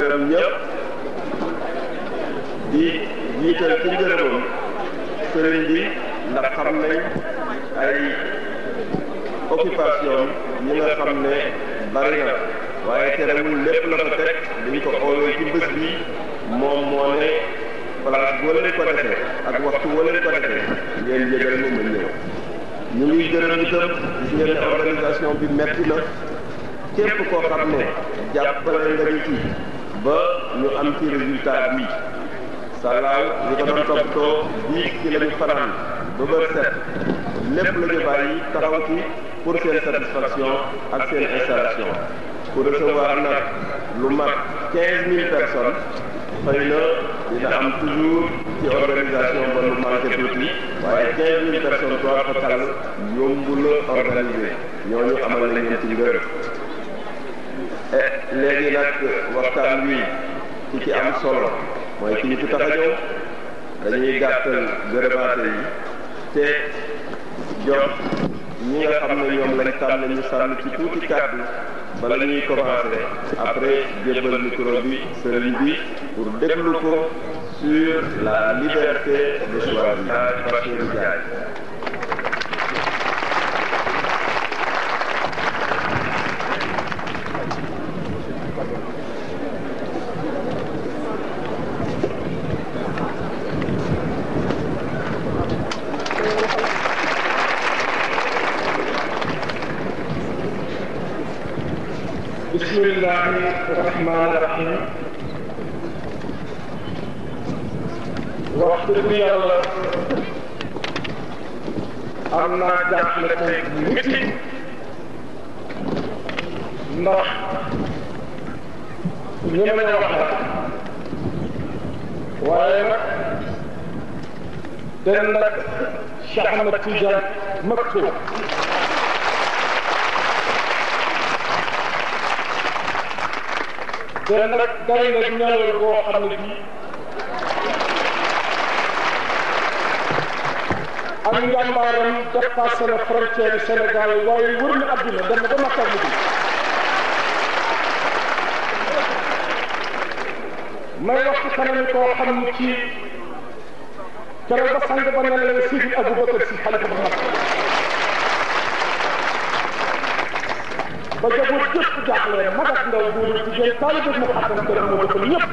gërëm ñëpp di jiital ci gërëmam sëriñ bi ndax xam nañ ay occupation yi nga xam ne bari na waaye terewul lépp la fa teg biñ ko oowee ci bés bi moom moo ne place boo leen ko defee ak waxtu boo leen ko defee ngeen yëgal ma ma ñëw ñu ngi gërëm itam gis ngeen ne bi metti na képp koo xam ne jàppale nga ñu ci ba ñu am ci résultat bi salaaw ñu ko doon toppatoo bii ci la ñu fanaan ba bër set lépp la ñu bàyyi taxaw ci pour seen satisfaction ak seen installation pour recevoir nag lu mat quinze mille personnes xëy na dina am toujours ci organisation ba lu manqué tuuti waaye quinze mille personnes trois fakal yombu la organiser ñooñu amal na ñeen ci ngër léegi nag waxtaan wi ci ci am solo mooy ci ñu fi tax a ñëw dañuy gàttal gërëmaate yi te jox ñi nga xam ne ñoom lañ tànn ñu sànn ci tuuti kàddu bala ñuy commencé après jébbal micro bi sëriñ bi pour déglu ko sur la liberté de choisir Bassirou الله الرحمن الرحيم wax dëgg yàlla am naa jaaxle tey métti ndax ñeme na wax la waaye nag den nag Cheikh Ahmed Tidiane Maktoum kon nag doy na ñaanal boo xam ne bii ak njàmbaaram dépassé na frontière Sénégal waaye wër na adduna dem na ba Makka mu may wax ci kanam koo xam ci keroog ba sang ba ne la Sidi Aboubacar si xalifa ba Makka ba jaboot yëpp jàppale mag ak ndaw góor ak jigéen taalibe mu xasan ko moo defal ñëpp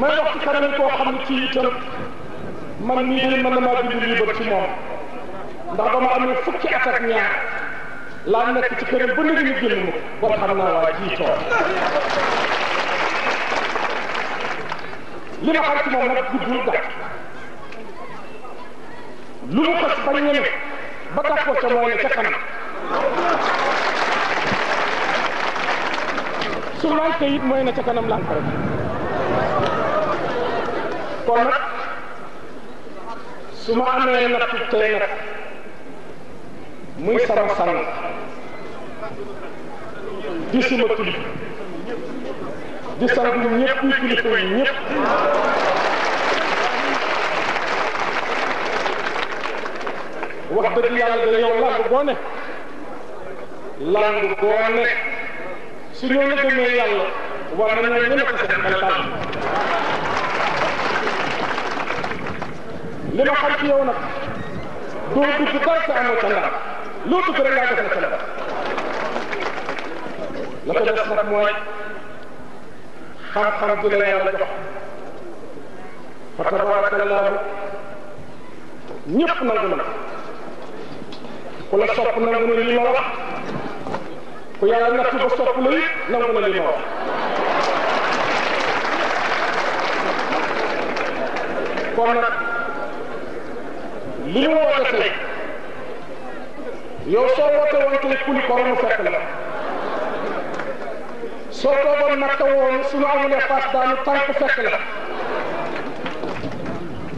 may wax ci man nii de mën na maa bind lii ba ci moom ndax ba ma amee fukki at ak ñaar laa nekk ci këram ba léegi ñu génn mu war xam naa waa jiitoo li ma xam ci moom nag guddul gàtt lu mu xas bañ ñeme ba tax ko ca moo ne ca kanam su lànk it mooy na ca kanam lànk rek kon nag su ma amee nattu tey nag muy sama sang di suma kilifa di sang ñëpp kuy kilifa yi ñëpp wax dëgg yàlla da yow làng boo ne làng boo ne su ñoo la gëmee yàlla war na ñoo ñëme ko seen xel li ma xam ci yow nag doo dugg dara te amoo ca ndam loo dugg rek laa def ca ndam la ko des nag mooy xam-xam bi la yàlla jox fa ku la sopp nangu na li ma wax ku yàlla nattu ba sopp la it nangu na li ma wax kon nag li mu woote tey yow soo woote woon tey kuli ko mu fekk la soo toogoon nag woon suñu amulee paas daanu tànk fekk la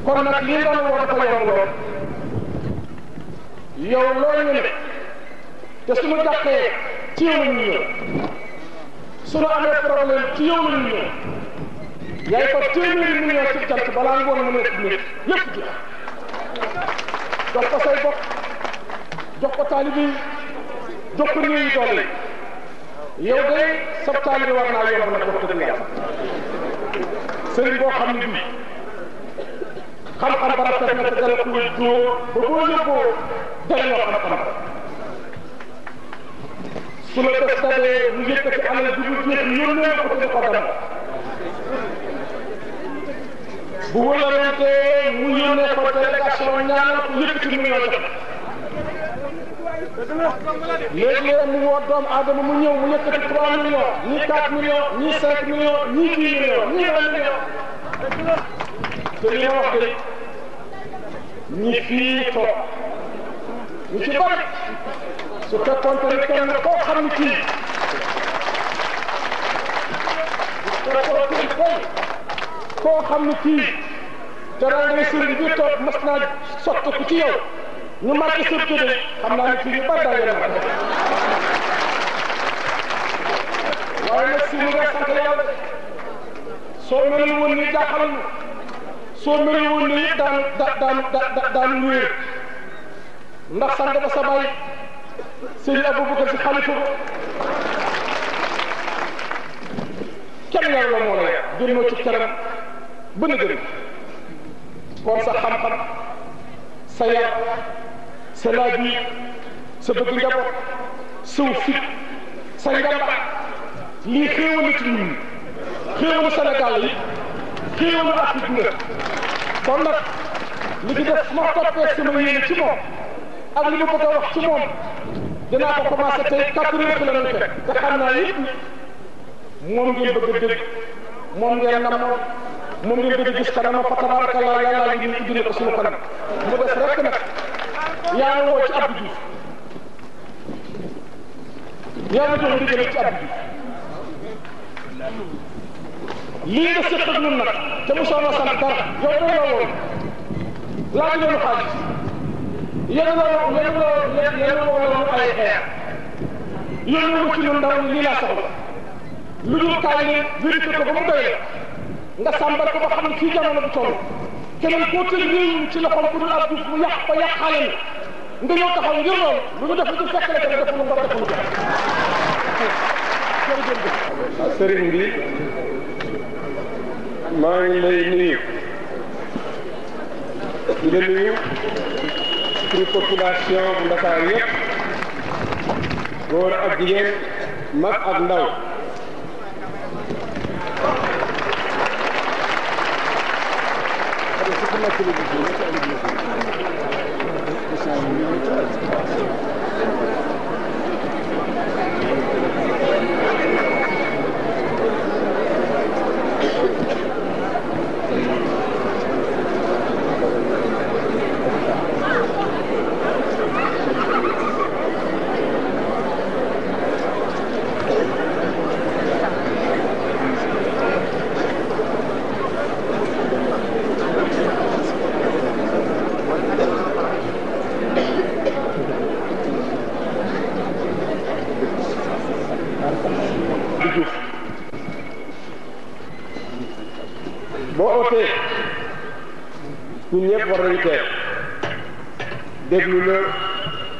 kon nag lii doon woo dafa yomb lool yow loolu ñu ne te suñu jàppee ci yow la ñu ñëw suñu amee problème ci yow la ñu ñëw yaay fa téeméeri million ci jant balaa ngoon mu nekk nit lépp ji jox ko say bopp jox ko yi jox yow de sab taalibe war naa yomb na jox ko dëgg yàlla sëriñ boo xam-xam ba rafet na te dala koy jóor ba boo yëgoo jëriñoo xam-xam su la def dalee mu yëkkati alal bi mu jeex yónnee ko ci ko dam bu wëlarantee mu yónnee ko délégation ñaanal ko yëkkati mu ñoo jox léeg-léeg mu woo doomu aadama mu ñëw mu yëkkati 3 millions ñii 4 millions ñii 5 millions ñii 10 millions ñii 20 millions te li ma wax de ñi fii toog ñu ci bëri su fekkoon tamit kenn koo xam ne kii su fekkoon tamit kenn koo xam ne kii teral ngay sëriñ bi toog mas naa sotti ko ci yow ñu màgg sa tudde xam naa ne fii ñu bari daal yéen waaye nag si ñu nga sant yàlla soo mere woon ne yëpp daan daan daan daan wéer ndax sang ba sa baay si xalifa ba kenn la moo la yar génnoo ci këram ba na gën xam-xam sa yar sa laabi sa bëgg njaboot lii xéewal ci ñun xéewal Sénégal yi xéewalu àdduna kon nag li ci def ma toppee sama yéene ci moom ak li ma bëgg a wax ci moom dinaa ko commencé tey quatre heures la leen fekk te xam naa yëpp moom ngeen bëgg a dégg moom a gis kanam fa tabarakallah yàlla ngi ñu indil ko suñu kanam mu des rek nag yaa ngi woo ci Abdou Diouf yaa ngi jox ndigal ci Abdou Diouf lii nga seq ak ñun nag te mu soxla sant dara yow da nga woon laaj leen xaalis yéen la woon yéen la woon yéen la woon ay xeer la ci lu dul kaay leen vérifié ko ba mu doy nga sàmbal ko ba xam ne fii jamono bu toll keneen koo tëj ci loxoom ku dul ab duuf mu yàq ko yàqaale nga ñëw taxaw ngir lool lu ñu def lu fekk la kenn defuñu nga defuñu ko. jërëjëf. sëriñ bi. maa ngi lay nuyu di la nuyu bu Ndakaar yëpp góor ak jigéen mag ak ndaw ñun ñëpp war nañu teew déglu la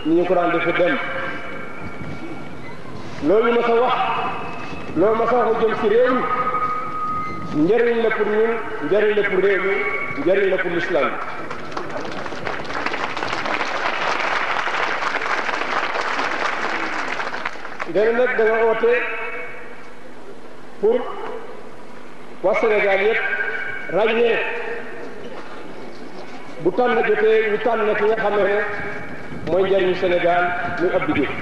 ni ñu ko daan defe dem loolu ma sa wax loolu ma sa wax jëm ci réew mi njëriñ la pour ñun njëriñ la pour réew mi njëriñ la pour l'islam oote pour waa Sénégal yëpp ràññee bu tànn jotee ñu tànn ki nga xam ne mooy njariñu Sénégal muy Abdou Diouf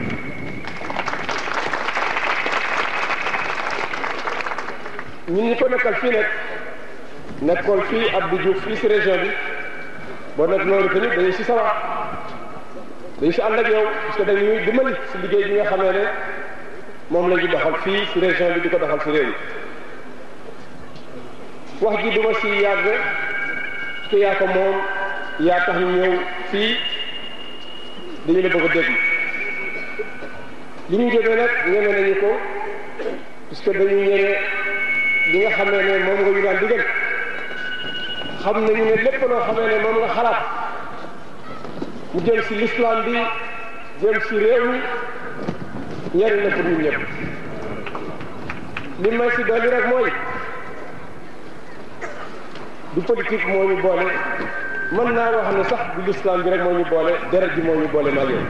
ñun ñi ko nekkal fii nag nekkoon fii ab Diouf fii si région bi boo nekk loolu tamit dañu si sawar dañu si ànd ak yow parce que dañuy dimbali si liggéey bi nga xamee ne moom la ñu doxal fii ci région bi di ko doxal si réew yi wax ji duma si yàgg te yaa ko moom yaa tax ñu ñëw fii dañu la bëgg a déglu li ñu jógee nag ñeme nañu ko puisque dañu ñeme li nga xamee ne moom nga ñu daan digal xam nañu ne lépp loo xamee ne moom nga xalaat mu jëm si l'islam bi jëm si réew mi ñari na pour ñun li may si dolli rek mooy du politique moo ñu boole mën naa wax ne sax du lislaam bi rek moo ñu boole deret ji moo mu boole maag yow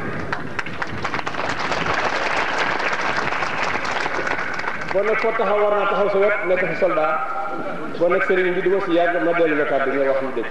boo nekk foo taxaw war naa taxaw sa wet nekk fi soldat boo nekk sëriñ bi du fi si yàgg ma dellu la kàddu nga wax lu dëgg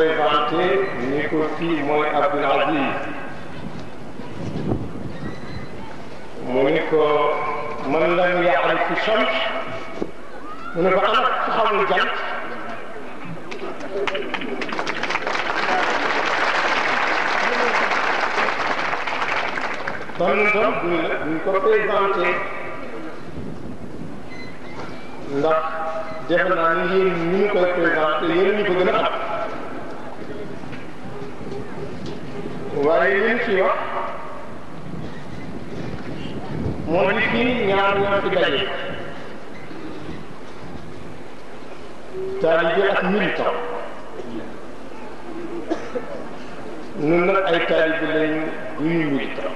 koy vanté ni ko fii mooy Abdul Aziz mu ni ko man lam yaarif shams mu ne ko ana ku xamul jant kon itam duñ la duñ ko présenté ndax defe naa ni yéen ñu koy présenté yéen ñu ko gën a xam waaye li wax moo di fii ñaar ñoo fi daje taalibe ak militant ñun nag ay taalibe lañu du ñu militant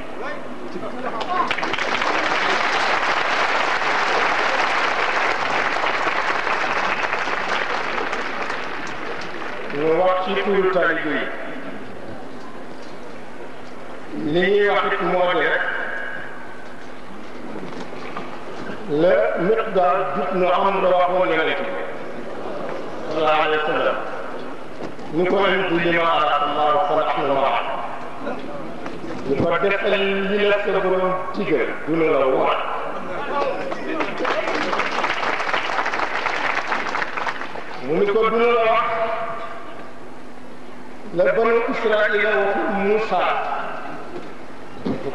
wax ci turu taalibe yi li ñuy wax it moo di rek la mét daal jub na ko indi li ma allahu fan am na wax ñu ko defal li la sa borom digal du la la wax mu ni ko du la la wax la banu Israaïla waxu Muusaa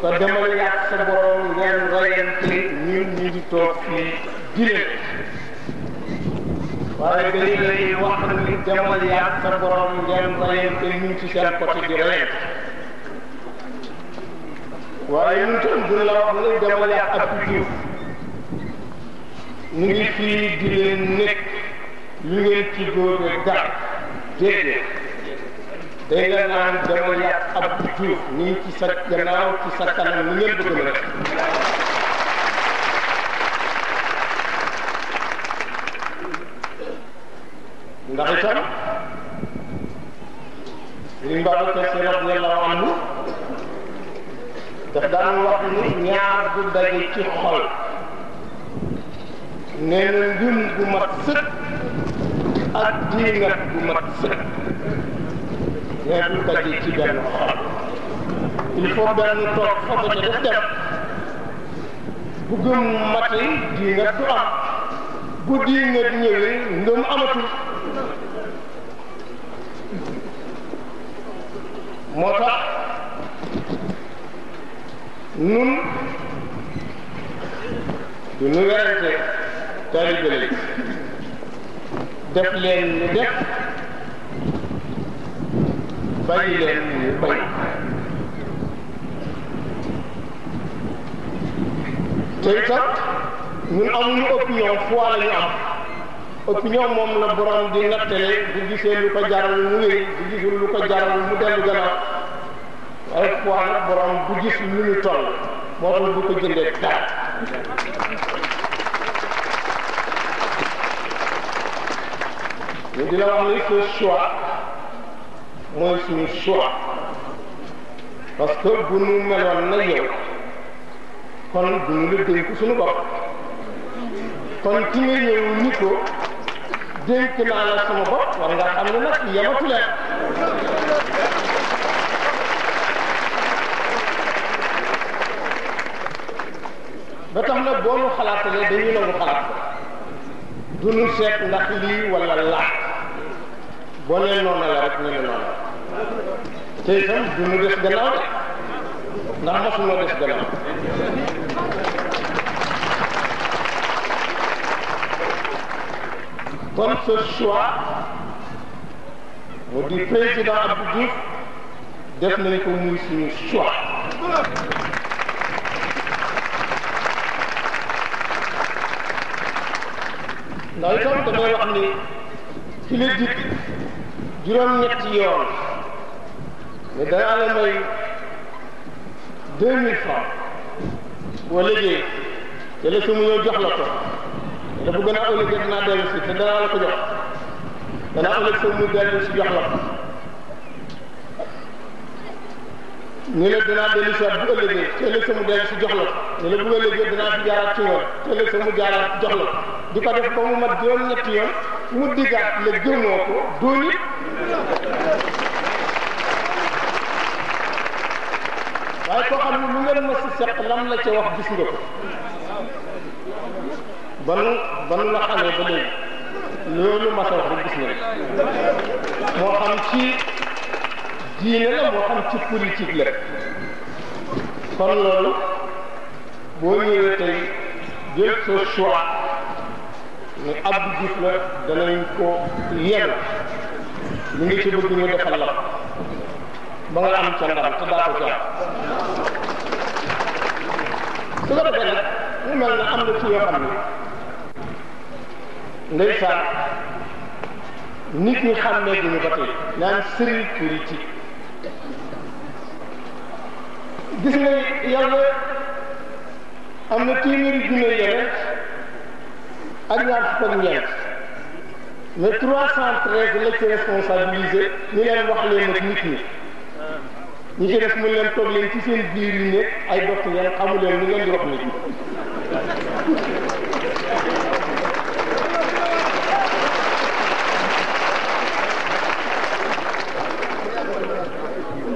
ko demal yàq sa borom ngeen rayante ñun ñu di toog fii di leen waaye dañu lay wax ni demal yàq sa borom ngeen rayante ñun ci seen côté di rayante waaye ñun tam wax ni demal yàq ak Diouf ñu ngi fii di leen nekk ñu ngeen ci góobe dara déedéet day la naan demal yàq ab Diouf ñu ngi ci sa gannaaw ci sa kanam ñu ngeen bëgg na ndax itam Serigne Babacar Sy radiyallahu anhu daf daan wax ni ñaar du daje ci xol nee na ngëm gu mat sëkk ak gu mat xeetu daje ci benn xol il faut benn toog fa ba ca def dem bu gëm mate di nga du am bu di nga ñëwee ngëm amatul moo tax nun du nu werante taalibe def leen def bàyyi leen ñu bay te itam ñun amuñu opinion foi la ñu am opinion moom la borom di nattale bu gisee lu ko jaral mu wéy bu gisul lu ko jaral mu dellu gannaaw waaye foi nag borom bu gis lu toll moo tax bu ko jëndee dara ñu di wax ne ce choix mooy suñu choix parce que bu nu meloon na yow kon du ñu la dénk suñu bopp kon ci nga ñëw ni ko dénk naa la sama bopp war nga xam ne nag yamatu leen ba tax na boo ñu xalaatalee dañuy nangu xalaat ko du ñu seet ndax lii wala laa boo nee noonu la rek ñu ne noonu te itam du ñu def gannaaw de ndax mosunoo def gannaaw kon ce choix mu di président Abdou Diouf def nañ ko muy suñu choix ndax itam damay wax ni ki la jik juróom-ñetti yoon ne danaa la may deux mille francs boo liggéey la su mu ñëw jox la ko dafa gën a ëllëg dinaa dellu si te danaa la ko jox na ëllëg sa mu dellu si jox la ko dinaa dellu si bu ëllëgee te la sa mu dellu si jox la ko ne la bu ëllëgee dinaa la sa mu jaaraat jox la di ko def ba mu mat juróom-ñetti yoon mu diggaat la gëmoo ko doo seq la ca wax gis nga ko ba nu ba nu la ba léegi loolu ma sa wax rek moo xam ci diine la moo xam ci politique la kon loolu boo ñëwee tey jël sa choix ne Abdou Diouf la danañ ko yell mu ngi ci bëgg ñu defal la ba nga am ca daa ko ca su ko defee nag mu mel am na ci yoo xam ne ndeysaan nit ñi xam ne duñu ba tey naan sëriñ politique gis nga yàlla am na téeméeri junne yeneen ak ñaar fukk ak ñeent mais trois cent treize la ci responsabilisé ñu leen wax leen nag nit ñi ñi ci def mun leen toog leen ci seen biir yi ay dof ngeen xamu leen lu ngeen di wax nit ñi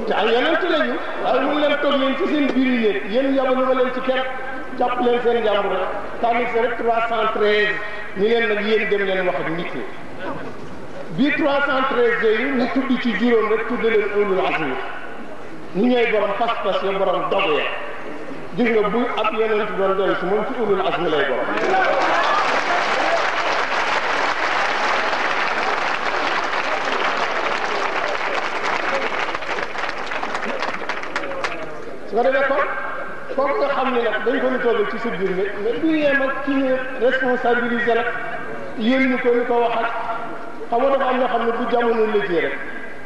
te ay yeneen ci lañu leen toog leen ci seen biir yi leen ci kenn jàpp leen seen jàmbur rek tànn sa rek 313 ñu leen nag yéen dem leen wax ak nit ñi bii 313 yooyu ñu tudd ci juróom rek tudd leen ulul azmi ñu ñooy borom pas-pas ya borom dogu ya nga bu ab yonent doon doon su moom ci ulul lay borom su ko defee kon kooku nga xam ne nag dañ ko nu toogal ci suddir ne mais du yem ak ci ñu wax ak xam nga dafa am na xam ne bu jamono lëjee rek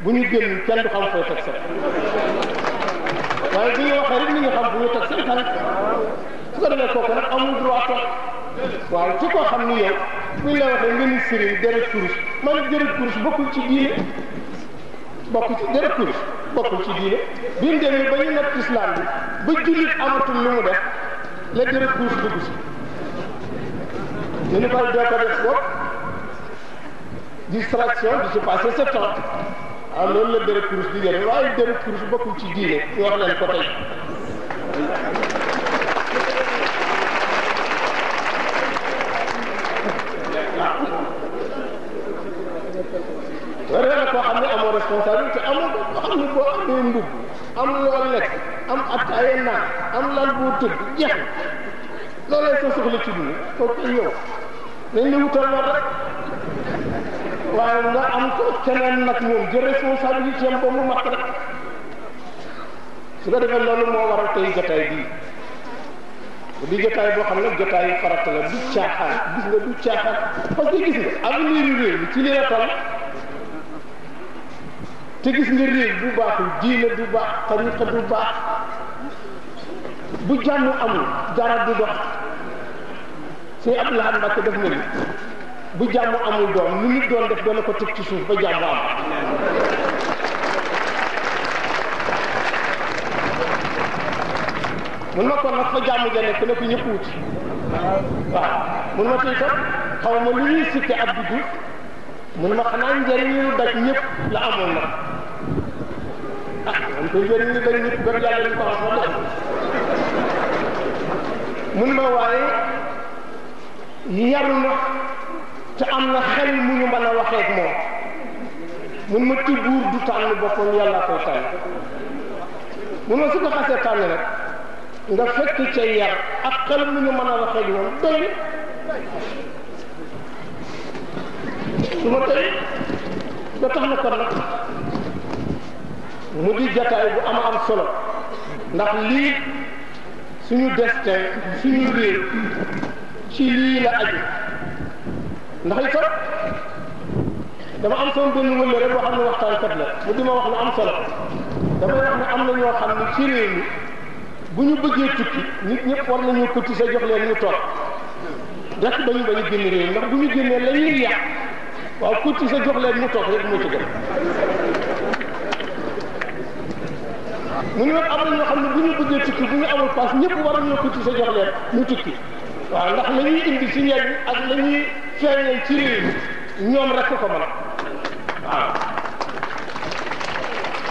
bu ñu génn kenn du xam fooy teg waaye bu ñu waxee rek ni ñu xam bu ñu teg seen tànk su ko defee kooku nag amul droit toog waaw ci koo xam ni yow bu ñu la waxee nga ni sëriñ deret kurus man deret kurus bokkul ci diine bokkul ci deret kurus bokkul ci diine bi mu demee ba ñu nekk islam bi ba jullit amatul lu mu def la deret kurus dugg si ñu ni ko doo ko def bopp distraction di se passer ce temps waaw ah, loolu la dërëb kurus di leen waaye dërëb kurus bokkul ci diine ñu wax leen ko tey wara na koo xam ne amoo responsabilité amoo ko xam ne boo amee mbubb am loo lekk am attaaye naan am lan boo tëdd jeex loolee sa soxla ci dund kooku ñëw nañ la wutal war rek waaye nga am ko keneen nag moom jël responsabilité am ba mu mat rek su ko defee loolu moo waral tey jotaay bii di jotaay boo xam ne jotaayu farata la du caaxaan gis nga du caaxaan parce que gis nga avenir yu réew mi ci li la tal te gis nga réew bu baaxul diine du baax tariqa du baax bu jàmm amul dara du dox suñu Abdoulaye Mbacke def na ni bu jàmm amul doom lu nit doon def doon na ko teg ci suuf ba jàmm am mun ma kon nag fa jàmm ja nekk ko ñëpp wuti waaw mun ma tey kat xaw ma ma xanaa njëriñu daj ñëpp la amoon nag ah man koy njëriñu daj ñëpp gëm yàlla ko ma waaye yaru na ca am na xel mu ñu mën a waxee ak moom mun ma ti buur du na boppam yàlla koy tànn mun ma su ko xasee tànn rek nga fekk ca yar ak xel mu ñu mën a waxee ak moom doy su ma tey na kon nag mu di jataay bu ama am solo ndax lii suñu destin suñu réew ci lii la aju ndax li kat dama am sama benn wëllëre boo xam ne waxtaan kat la mu di ma wax lu am solo damay wax ne am na ñoo xam ne ci réew mi bu ñu bëggee tukki nit ñëpp war nañu cotiser jox leen ñu toog rek bañu bañu génn réew ndax bu ñu génnee la ñuy yàq waaw cotiser jox leen ñu toog rek moo ci gën mu ne nag am na ñoo xam ne bu ñu bëggee tukki bu ñu amul paas ñëpp war nañu cotiser jox leen ñu tukki waaw ndax la ñuy indi si ñenn ak la ñuy feeñal ci ñoom rek ko mën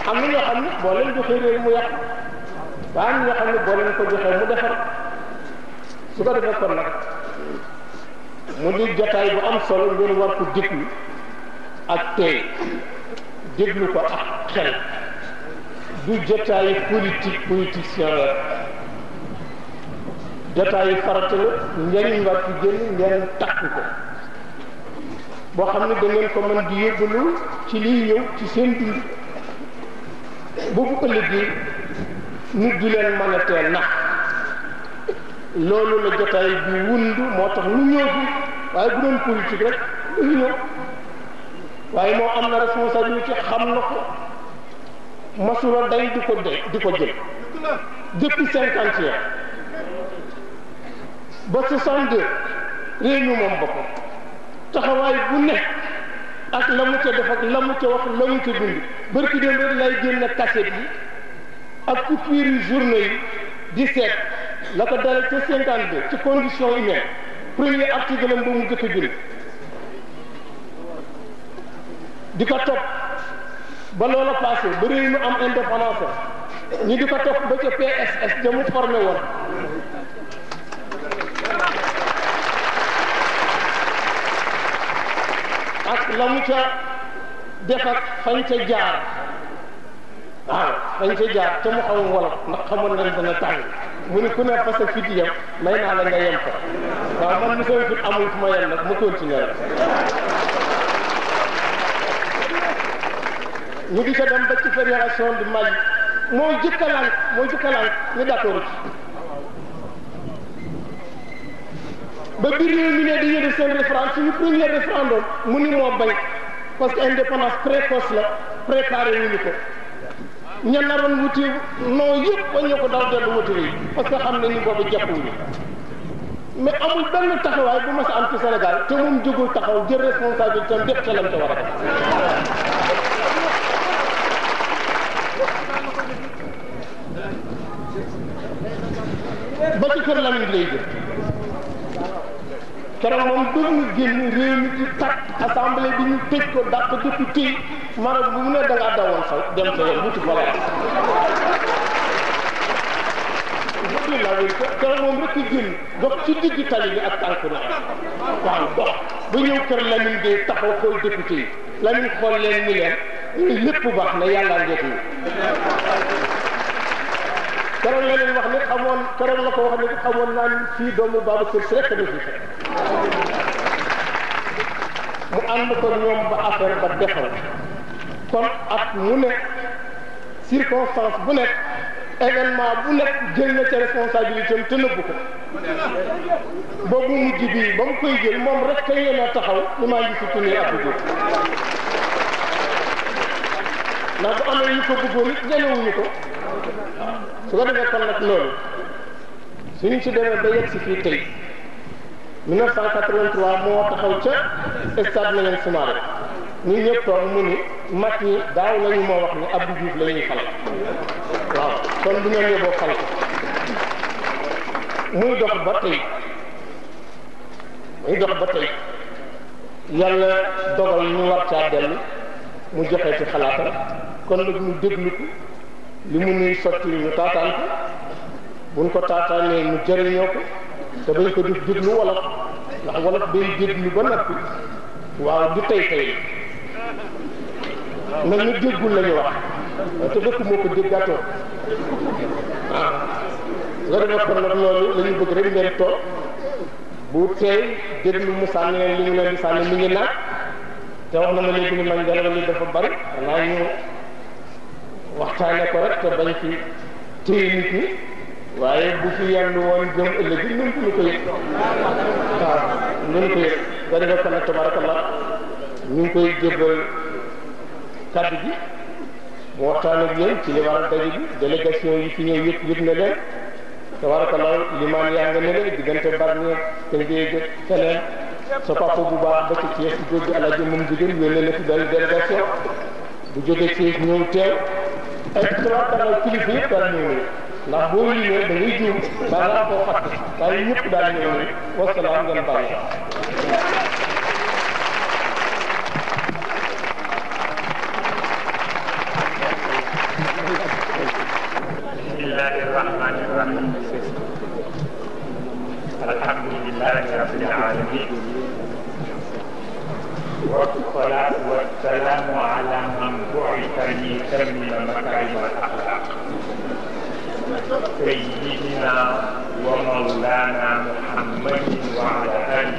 am na ñoo xam ne boo leen joxee réew mu yàq ba am ñoo xam ne boo leen ko joxee mu defar su ko defee kon nag mu di jotaay bu am solo ngeen war ko déglu ak tey déglu ko ak xel du jotaayu politique politicien la jotaayu farata la njëriñ war ci génn ngeen takk ko boo xam ne da ngeen ko mën di yóbbalu ci lii ñëw ci seen dund boobu ëllëgee nit du leen mën a teel loolu la jotaay bi wund moo tax ñu ñëw fi waaye bu doon politique rek ñu ñëw waaye moo am na responsabilité xam na ko masula day di ko day di ko jël depuis cinquante ans ba soixante-deux réew mi moom taxawaay bu ne ak la mu ca def ak la mu ca wax la mu ca dund bërki dem rek lay génn kaset yi ak coupure yu journée yi di seet la ko dale ca cinquante deux ci condition humaine premier article am ba mu jëkk bind di ko topp ba loola passé ba réew mu am indépendance ñu di ko topp ba ca PSS damu formé woon la mu ca def ak fañ jaar waaw fañ ca jaar te mu xam wolof ndax xamoon nañ dana tàng mu ni ku ne parce que fit may naa la nga yem ko waaw man mi sama fit amul ma yem nag mu continuer la ñu di ca dem ba ci fédération du Mali moo jëkkalaan moo jëkkalaan ba bi réew mi ne dañuy def seen référendum suñu premier référendum mu ni moo bañ parce que indépendance précoce la préparé ñu ni ko ña naroon wuti non yëpp ba ko daw dellu wuti yi parce que xam nañu boobu jàppuñu mais amul benn taxawaay bu ma sa am ci Sénégal te moom jógul taxaw jël responsabilité am def ca lam ca war a def ba ci kër Lamine lay jël keroog moom doomu génn réew mi di tàkk assemblée bi ñu tëj ko dàq député mara bu mu ne da ngaa dawoon sa dem sa yoon wuti bala la wéy keroog moom rek génn dox ci digg tali bi ak alxuraan waaw dox ba ñëw kër Lamine Gueye taxaw xool député yi Lamine xool leen ni leen lépp baax na yàlla njëkk yi keroog la leen wax ne xamoon keroog ko wax ne ko xamoon naan fii doomu Babacar Sy rek a nekk mu ànd ko ñoom ba affaire ba defal kon at mu ne circonstance bu nekk événement bu nekk jël na ca responsabilité am bu nëbbu ko boobu mujj bii ba mu koy jël moom rek ka yéen a taxaw ni maa ngi si tunnee ak naa bu amee yu ko bëggoon it ñemewuñu ko su ko defee kon nag loolu suñu ci demee ba yegg si fii tey moo taxaw ca stade Léopold Sédar ñun ñëpp toog mu ni mag ñi daaw lañu moo wax ni Abdou Diouf la ñuy fal waaw kon bu ñoom yóbboo muy dox ba tey muy dox ba tey yàlla dogal ñu war caa dellu mu joxe ci xalaatam kon nag ñu déglu ko li mu nuy sotti ñu taataan ko buñ ko taataanee ñu jëriñoo ko te bañ ko def déglu wolof ndax wolof day déglu ba noppi waaw du tey tey nag ñu déggul la ñu wax te dëkk moo ko déggatoo waaw ah, nga defee kon loolu la bëgg rek ngeen toog bu tey déglu mu sànni li mu leen di sànni mi ngi naaj te wax na ma léegi ni man ngelaw li dafa bari xanaa ñu waxtaan ko rek te bañ ci waaye bu fi yenn woon jëm ëllëg bi nun ko yëg ko yëg ba defee kon nag tabarakallah ñu ngi koy jébbal kaddu gi mu waxtaan ak yéen ci li waral bi délégation yi fi ñëw yëpp yëpp na leen tabarakallah limaan yaa ne leen diggante barñe te ngéej feneen sa papa bu baax ba ci Thiès jóge alaaj moom jigéen yónnee na fi benn délégation bu jóge Thiès ñëw teew excellence daal kilifa yëpp daal ñëw nañu ndax boo yéegee da ngay jiw balaa koo fàtte waaye ñëpp daal ñëw nañu wasalaam ngeen bàyyi. bismillahi rahmani rahim alhamdulillahi rabbil alamin wa والسلام على من بعث ليتمم مكارم الاخلاق سيدنا ومولانا محمد وعلى اله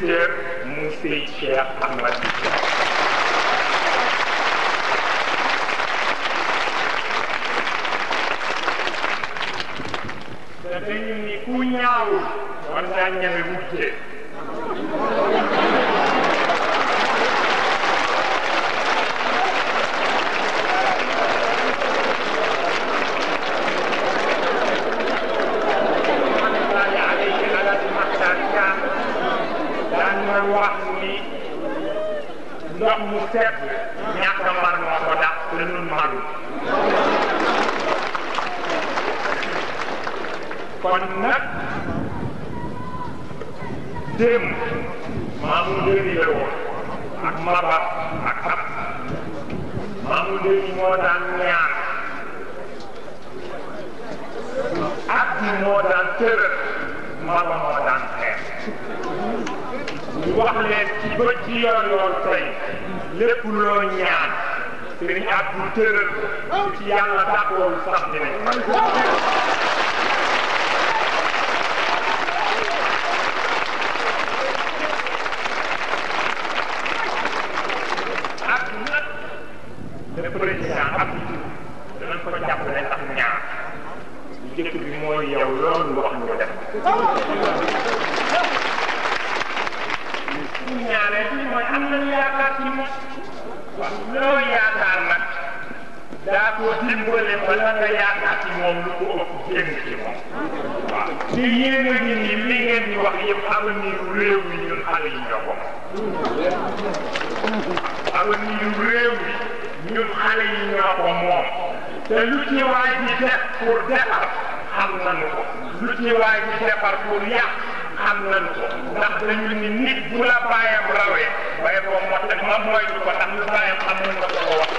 directeur mu Seydi Cheikh Ahmad te dañu ni ku ñaawul war ngaa ñeme mujjee bu tëral ci yàlla dàqoon sax dinañ avenir réew mi ñun xale yi ñoo ko moom. avenir réew ñun xale yi ñoo ko te lu ci waay di def pour defar xam nañu ko. lu ci waay di defar pour yàq xam nañu ko. ndax dañu ni nit bu la bàyyam rawee. waaye boobu moo tax ma mooy lu ko tax lu bàyyam xam nañu ko ko wax.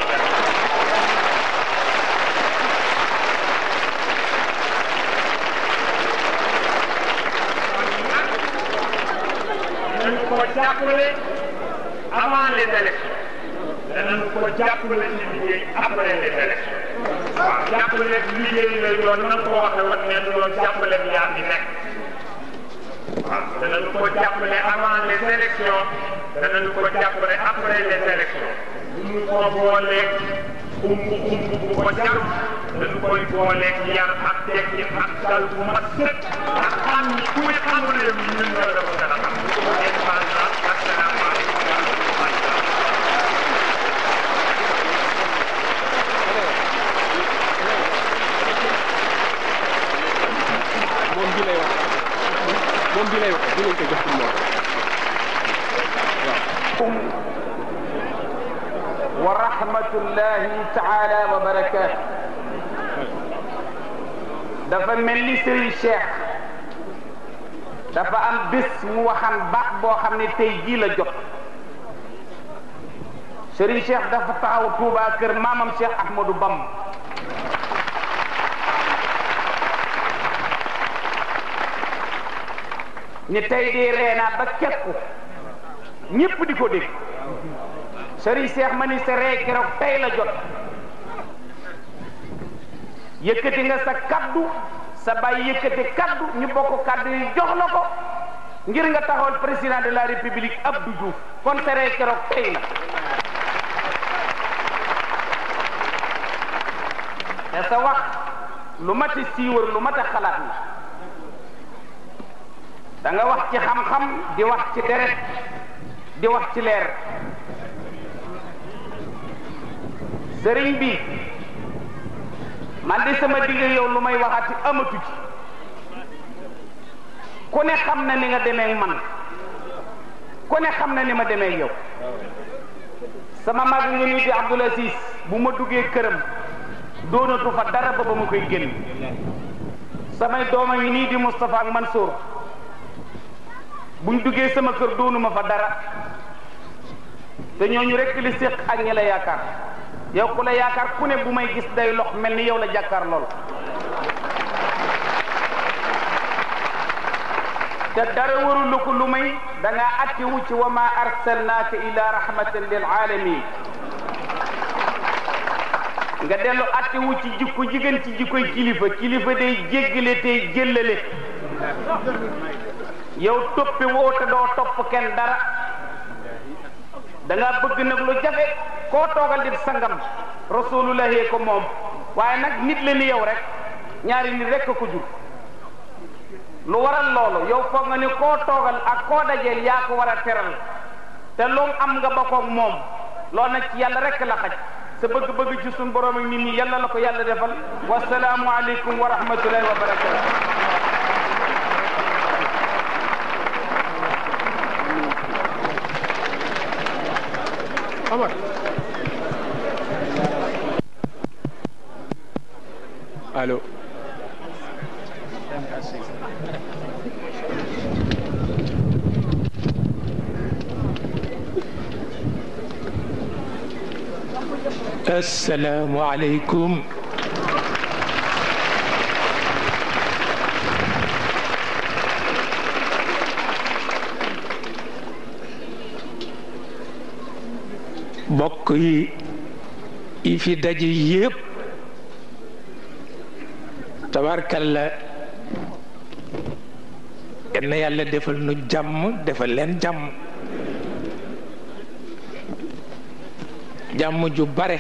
ko jàppale avant les élections danañ ko jàppale ci liggéey après les élections waaw jàppale liggéey la yoon nan ko waxee woon ne loolu jàppale bi yaa fi nekk waaw danañ ko jàppale avant les élections danañ ko jàppale après les élections bu ñu ko booleeg umb umb bu ko jàpp dañu koy booleeg yar ak tekki ak bu mat sëkk ak xam ni ku muy xam réew mi ñun ñoo dafa gën a moom bii lay waxee bii lañ koy jox pour mu wax waaw. wa rahmatullahi taala wa barakaatu. dafa mel ni Serigne Cheikh dafa am bés mu waxan baat boo xam ne tey jii la jot. Serigne Cheikh dafa taxaw Touba kër maamam Cheikh Ahmadou Bamba. ni tey di reena ba képp ñëpp di ko dégg sëriñ seex ma ni sa ree keroog tey la jot yëkkati nga sa kàddu sa bàyyi yëkkati kaddu ñu bokk kaddu yi jox la ko ngir nga taxawal président de la république Abdou Diouf kon sa ree keroog tey la te sa wax lu mat a siiwar lu mat a xalaat la da nga wax ci xam-xam di wax ci deret di wax ci leer sëriñ bi man de sama digg yow lu may waxati amatu ci ku ne xam na ni nga demee man ku ne xam na ni ma demee yow sama mag nga ni di Abdul Aziz bu ma duggee këram doonatu fa dara ba ba ma koy génn samay dooma ngi nii di Moustapha ak Mansour buñ duggee sama kër doonuma fa dara te ñooñu rekk li séq ak ñi la yaakaar yow ku la yaakaar ku ne bu may gis day lox mel ni yow la jàkkaar lool te dara warul ko lu may da ngaa ci wa ma arsalnaaka ila rahmatan lil nga dellu atti ci jikko jigéen ci jikkoy kilifa kilifa day jéggale tey jëllale yow toppi woo te doo topp kenn dara da nga bëgg nag lu jafe koo toogal di sangam rasulullahi ko moom waaye nag nit la ni yow rek ñaari nit rek ko jur lu waral loolu yow foog nga ni koo toogal ak koo dajeel yaa ko war a teral te loom am nga bokkoog moom loolu nag ci yàlla rek la xaj sa bëgg-bëgg ci suñu borom ak nit ñi yàlla la ko yàlla defal wasalaamu aleykum wa rahmatullahi wa barakatu allo asalaamu aleykum mbokk yi yi fi daje yépp tabaarkalla yal yàlla defal nu jàmm defal leen jàmm jàmm ju bare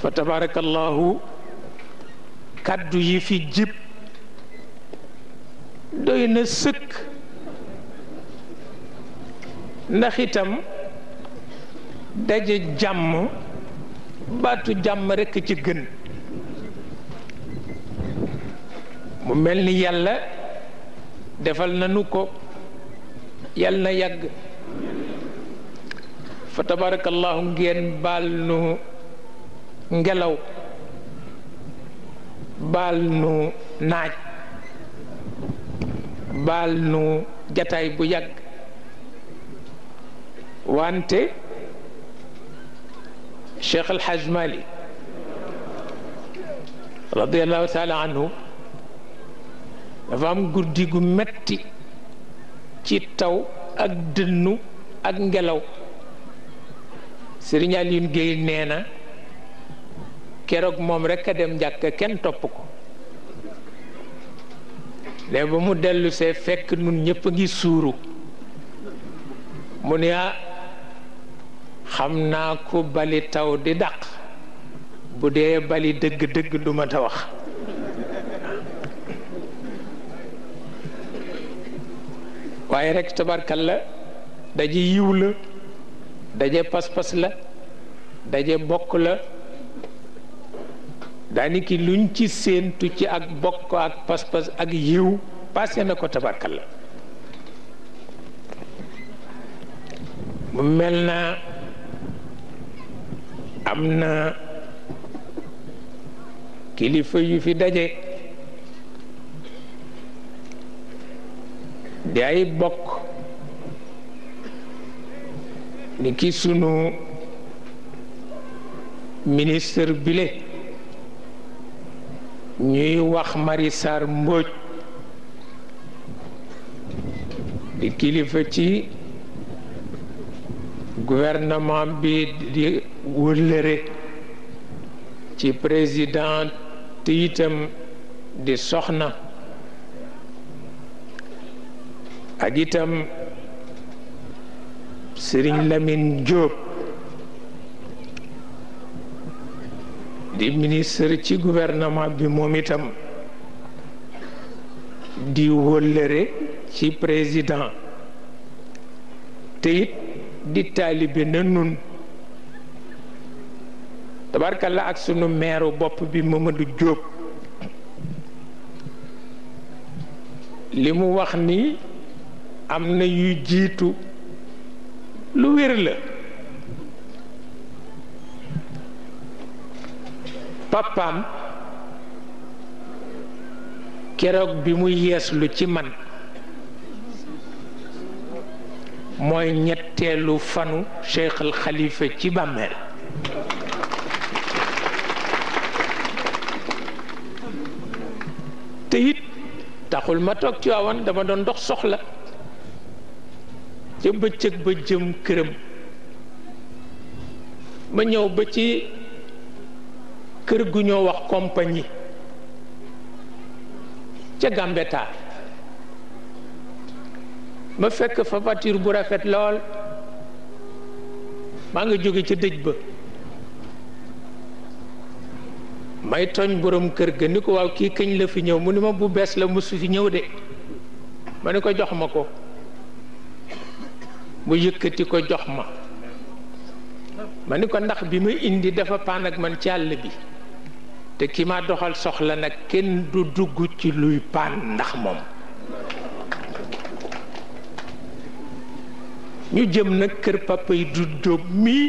fa tabaarakallahu kàddu yi fi jib doy na sëkk ndax itam jàmm baatu jàmm rekk ci gën mel ni yàlla defal nanu ko yàlla na yàgg fa tabarakallahu ngeen baal nu ngelaw baal nu naaj baal nu jataay bu yàgg wante Cheikh Alhaj Mali radiallahu taala anhu dafa am guddi gu metti ci taw ak dënnu ak ngelaw Serigne Alioune Guèye nee na keroog moom rekk a dem jàkka kenn topp ko léegi ba mu dellusee fekk nun ñëpp a ngi suuru mu ne ah, xam naa ko bali taw di dàq bu dee bali dëgg-dëgg du wax waaye rek tabarkal la daje yiw la daje pas-pas la daje bokk la daani ki luñ ci séentu ci ak bokk ak pas-pas ak yiw paase na ko tabarkal la mel na am na kilifa yu fi daje di ay bokk ni ki sunu ministre bile ñuy wax Marie Sarr Mbodj di kilifa ci gouvernement bi di wëllëre ci président te itam di soxna ak itam Sëriñ Lamine Diop di ministre ci gouvernement bi moom itam di wëllëre ci président te it di taalibe na nun tabarkalla ak sunu meeru bopp bi Mamadou Diop li mu wax ni am na yu jiitu lu wér la papaam keroog bi mu yeeslu ci man mooy ñetteelu fanu Cheikh al ci bàmmeel te it taxul ma toog ci waawan dama doon dox soxla ca bëccëg ba jëm këram ma ñëw ba ci kër gu ñoo wax compagnie ca Gambetta ma fekk fa voiture bu rafet lool maa ngi jóge ca dëj ba may tooñ borom kër ga ni ko waaw kii këñ la fi ñëw mu ni ma bu bees la mosu fi ñëw de ma ni ko jox ma ko mu yëkkati ko jox ma ma ni ko ndax bi ma indi dafa paan ak man ci àll bi te ki ma doxal soxla nag kenn du dugg ci luy paan ndax moom ñu jëm nag kër papa yi du dóob mii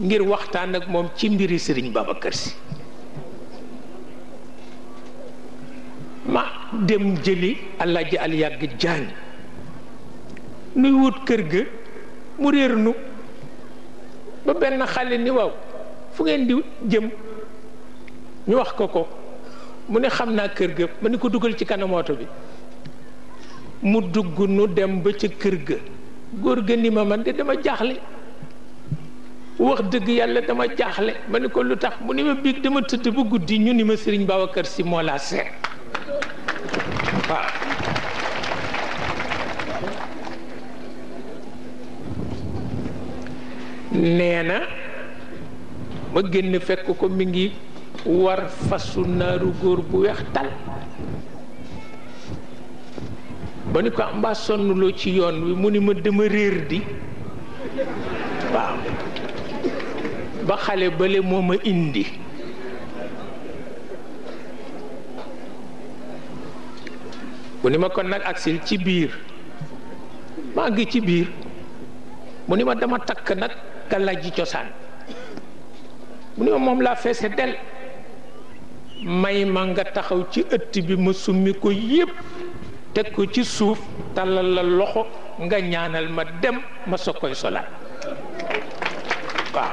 ngir waxtaan ak moom ci mbiri sëriñ kër Si ma dem jëli Alaaji Al Yàgg Jaañ nuy wut kër ga mu réer nu ba benn xale ni waaw fu ngeen di jëm ñu wax ko ko mu ne xam naa kër ga ma ne ko dugal ci kanam oto bi mu dugg nu dem ba ca kër ga góor ga ni ma man de dama jaaxle wax dëgg yàlla dama jaaxle ma ne ko lu tax mu ni ma biig dama tëdd ba guddi ñu ni ma Sëriñ kër Si moo laa seet waaw nee na ma génn fekk ko mi ngi war fasu naaru góor bu weex tal ba ni ko am mbaa ci yoon wi mu ni ma dama réer di waaw ba xale bale moo ma indi mu ni ma kon nag agsil ci biir maa ngi ci biir mu ni ma dama takk nag ka lajji cosaan mu ne moom laa feese del may ma nga taxaw ci ëtt bi ma summi ko yépp teg ko ci suuf tàllal la loxo nga ñaanal ma dem ma soog koy solaat waaw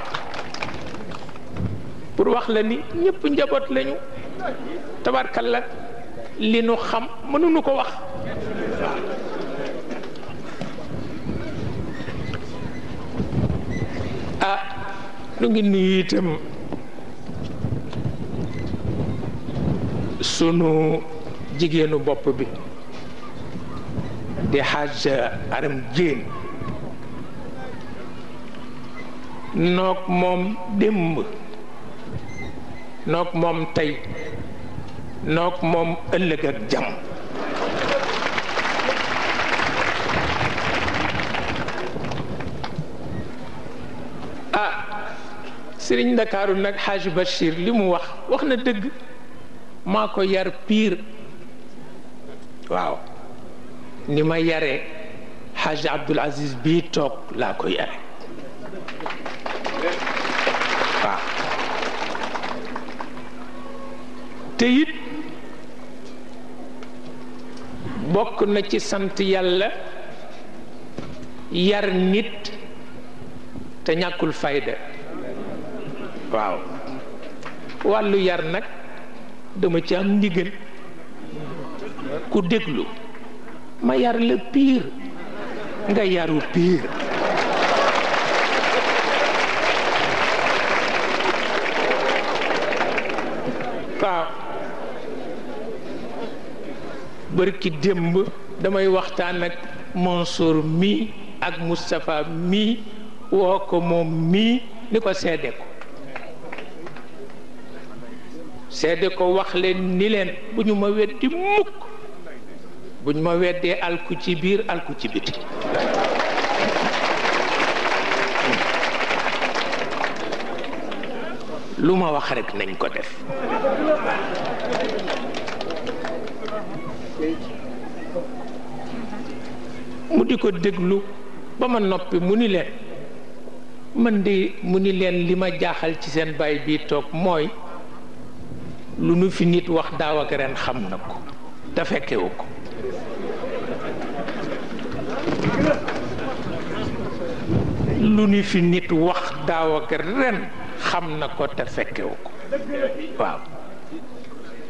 pour wax la ni ñëpp njaboot lañu tabarkal la li nu xam mënuñu ko wax nu ngi nuyu sunu jigéenu bopp bi di xaaj aram jéen noog moom démb noog moom tey noog moom ëllëg ak jàmm sëriñ ndakaaru nag xaaj Bachir li mu wax wax na dëgg maa ko yar piir waaw ni ma yare xaaj Abdul Aziz bii toog laa te it bokk na ci sant yàlla yar nit te ñàkkul fayda waaw wàllu yar nag dama ci am ku déglu ma yar la piir nga yaru piir waaw bërki démb damay waxtaan ak Mansour mi ak Moustapha mi woo ko moom mii ni ko seede ko seede ko wax leen ni leen bu ñu ma weddi mukk bu ñu ma weddee alku ci biir alku ci biti lu ma wax rekk nañ ko def mu di ko déglu ba ma noppi mu ni leen man di mu ni leen li ma jaaxal ci seen baay bii toog mooy lu nu fi nit wax daaw ren xam na ko te fekkewu ko lu nu fi nit wax daaw ak ren xam na ko te fekkewu ko waaw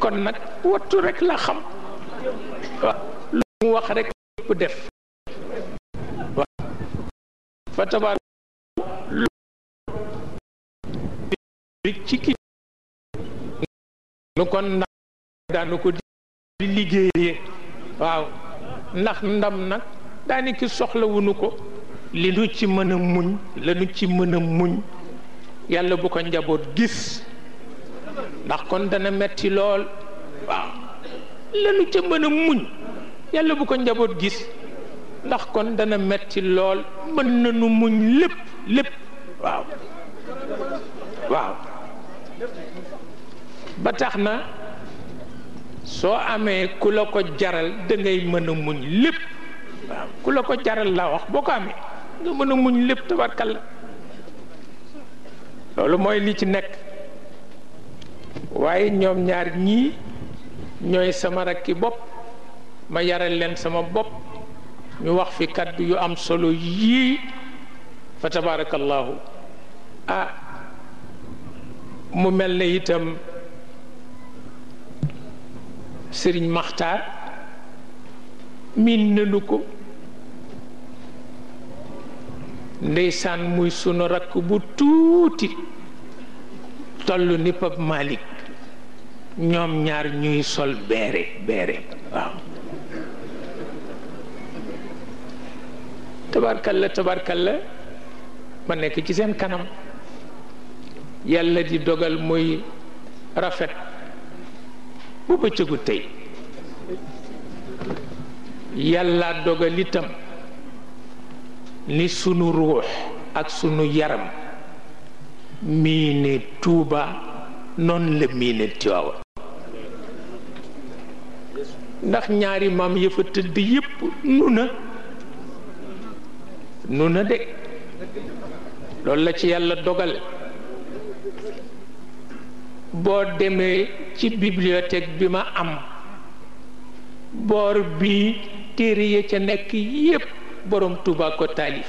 kon nag wattu rek la xam waaw lu mu wax rek lépp def fa tabaar lu ci ki lu kon ndam daanu ko di liggéeyee waaw ndax ndam nag daani ki soxlawuñu ko li nu ci mën a muñ la ci mën a muñ yàlla bu ko njaboot gis ndax kon dana metti lool waaw la nu ca mën ko njaboot gis ndax kon dana metti lool mën na nu muñ lépp lépp waaw waaw ba tax na soo amee ku la ko jaral da ngay mën a muñ lépp waaw ku la ko jaral laa wax boo ko amee nga mën a muñ lépp tabarkal la loolu mooy li ci nekk waaye ñoom ñaar ñii ñooy sama rakki bopp ma yaral leen sama bopp ñu wax fi kàddu yu am solo yii fa tabaarakallaahu ah mu mel ne itam sëriñ maxtaar miin nanu ko ndeysaan muy sunu rakk bu tuuti toll ni Pape ñoom ñaar ñuy sol beere beere waaw tabarkalla tabarkalla ma nekk ci seen kanam yàlla di dogal muy rafet bu bëccëgu tey yàlla dogal itam ni sunu ruux ak sunu yaram miine tuuba noon la miine tiwaawa ndax ñaari maam ya fa tëdd yépp nu na de loolu la ci yàlla dogal boo demee ci bibliothèque bi ma am boor bii téere ya ca nekk yépp boroom Tuuba ko taalif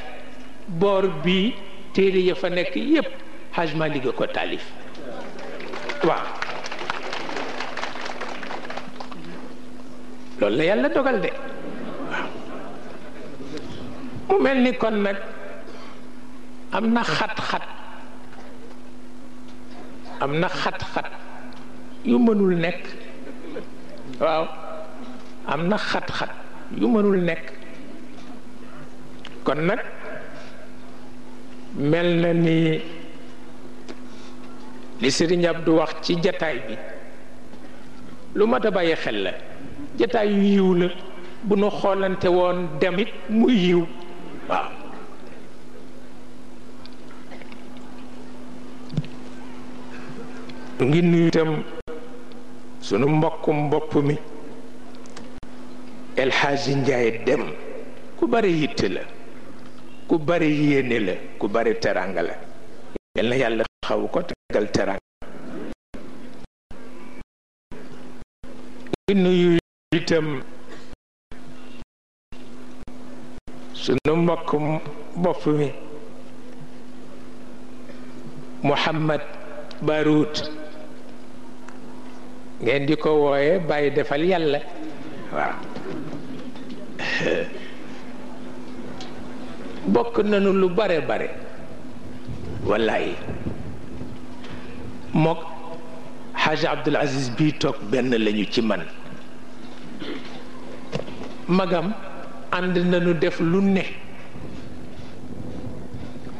boor bii téere ya fa nekk yépp Haj Malick ko taalif waaw loolu la yàlla dogal de mu mel ni kon nag am na xat-xat am na xat-xat yu mënul nekk waaw am na xat-xat yu mënul nekk kon nag mel na ni li Sëriñ du wax ci jataay bi lu mat a bàyyi xel la jataay yu yiw la bu nu xoolante woon demit mu yiw nu ngi nuyu itam sunu mbokkum mbopp mi El Hadji Njaay dem ku bari yitte la ku bari yéene la ku bari teranga la yal yàlla xaw ko tegal teranga ngi nuyu itam sunu mbokkum bopp mi Muhammad Baruut ngeen di ko wooye bàyyi defal yàlla waaw bokk nañu lu bare bare wallaay mook xaaja Abdul Aziz bii toog benn lañu ci man magam ànd nañu def lu ne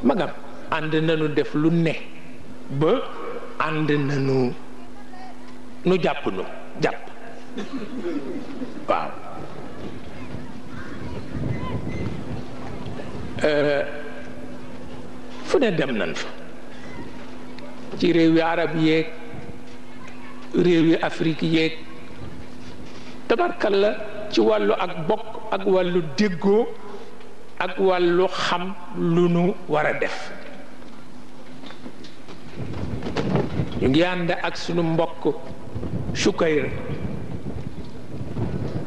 magam ànd nañu def lu ne ba ànd nañu nu jàpp nu jàpp waaw euh, fu ne dem nañ fa ci réew yi arab yéeg réew yi afrique yéeg tabarkal la ci wàllu ak bokk ak wàllu déggoo ak wàllu xam lu nu war a def ñu ngi ànd ak sunu mbokk Shukayr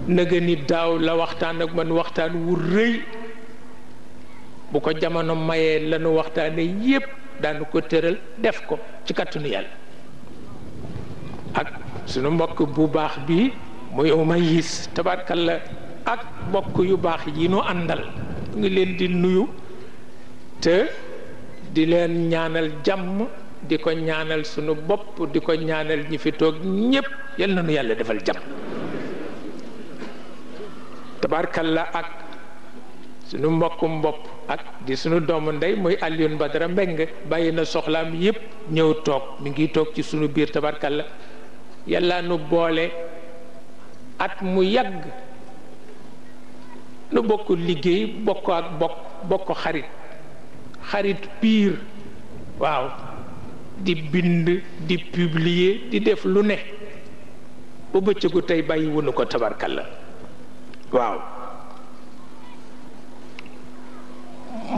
nëga ni daaw la waxtaan ak man waxtaan wu rëy bu ko jamono mayee lanu waxtaane yépp daanu ko tëral def ko ci kàttanu yàlla ak sunu mbokk bu baax bi muy umayis la ak mbokk yu baax yi nu àndal ngi leen di nuyu te di leen ñaanal jàmm di ko ñaanal sunu bopp di ko ñaanal ñi fi toog ñépp yal na nu yàlla defal tabarkal la ak sunu mbokkum bopp ak di sunu doomu ndey muy Alioune Badara Mbengue bàyyi na soxlaam yépp ñëw toog mu ngi toog ci sunu biir tabarkal la yàlla nu boole at mu yàgg nu bokk liggéey bokk ak bokk bokk xarit xarit piir waaw di bind di publier di def lu ne ba bëccëgu tey bàyyi wunu ko tabarkal la waaw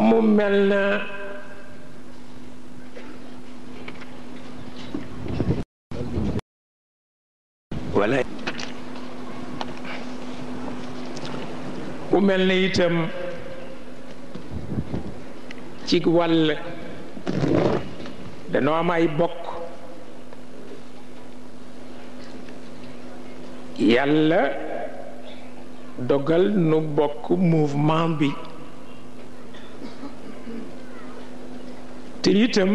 mu mel na wala mu mel na itam ci wàll danoo am ay bokk yàlla dogal nu bokk mouvement bi te itam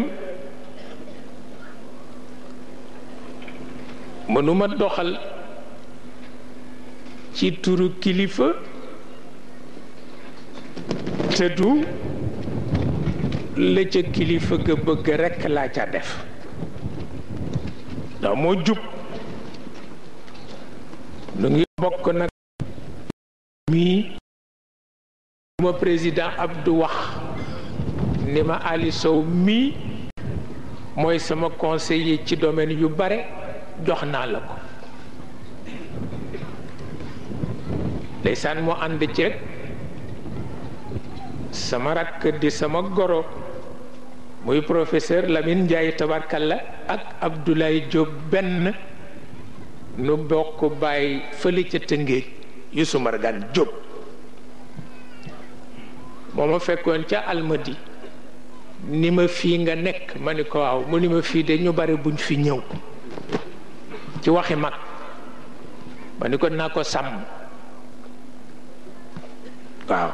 mënuma doxal ci turu kilifa te la ca kilifa ga bëgg rekk laa ca def ndax moo jub lu ngi bokk nag mii ma président Abdou wax ni ma Ali Sow mii mooy sama conseiller ci domaine yu bare jox naa la ko ndeysaan moo ànd ci rek sama rakk di sama goro muy lamin njaay tabarkal la ak Abdoulaye Diop benn nu bokk bàyyi fële ca Tëngéej Youssou Margane Diop moo ma fekkoon ca Almadi ni ma fii nga nekk ma ni ko waaw mu ni ma fii de ñu bari buñ fi ñëw ci waxi mag ma ni ko sàmm waaw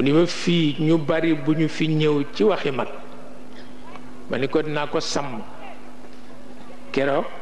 ñu bari bu ñu fi ñëw ci waxi mag ma ni ko dinaa ko sàmm keroog